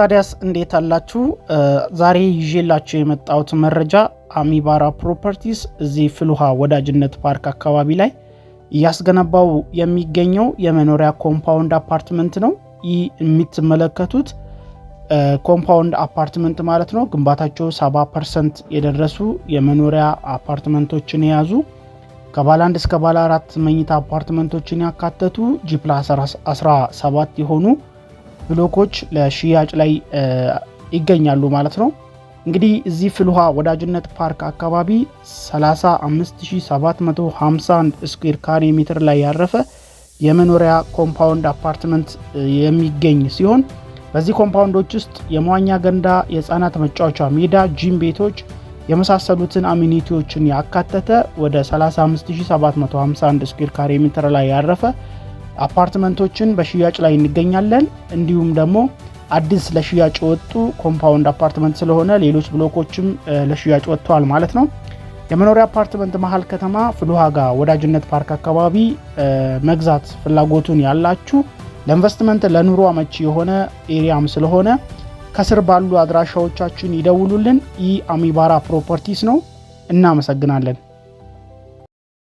ታዲያስ እንዴት አላችሁ? ዛሬ ይዤላችሁ የመጣሁት መረጃ አሚባራ ፕሮፐርቲስ እዚህ ፍልውሃ ወዳጅነት ፓርክ አካባቢ ላይ እያስገነባው የሚገኘው የመኖሪያ ኮምፓውንድ አፓርትመንት ነው። ይህ የምትመለከቱት ኮምፓውንድ አፓርትመንት ማለት ነው። ግንባታቸው 70 ፐርሰንት የደረሱ የመኖሪያ አፓርትመንቶችን የያዙ ከባለ አንድ እስከ ባለ አራት መኝታ አፓርትመንቶችን ያካተቱ ጂፕላስ 17 የሆኑ ብሎኮች ለሽያጭ ላይ ይገኛሉ ማለት ነው። እንግዲህ እዚህ ፍልውሃ ወዳጅነት ፓርክ አካባቢ 35751 ስኩዌር ካሬ ሜትር ላይ ያረፈ የመኖሪያ ኮምፓውንድ አፓርትመንት የሚገኝ ሲሆን በዚህ ኮምፓውንዶች ውስጥ የመዋኛ ገንዳ፣ የህፃናት መጫወቻ ሜዳ፣ ጂም ቤቶች የመሳሰሉትን አሚኒቲዎችን ያካተተ ወደ 35751 ስኩዌር ካሬ ሜትር ላይ ያረፈ አፓርትመንቶችን በሽያጭ ላይ እንገኛለን። እንዲሁም ደግሞ አዲስ ለሽያጭ የወጡ ኮምፓውንድ አፓርትመንት ስለሆነ ሌሎች ብሎኮችም ለሽያጭ ወጥተዋል ማለት ነው። የመኖሪያ አፓርትመንት መሀል ከተማ ፍልውሃ ጋ ወዳጅነት ፓርክ አካባቢ መግዛት ፍላጎቱን ያላችሁ ለኢንቨስትመንት ለኑሮ አመቺ የሆነ ኤሪያም ስለሆነ ከስር ባሉ አድራሻዎቻችን ይደውሉልን። ይህ አሚባራ ፕሮፐርቲስ ነው። እናመሰግናለን።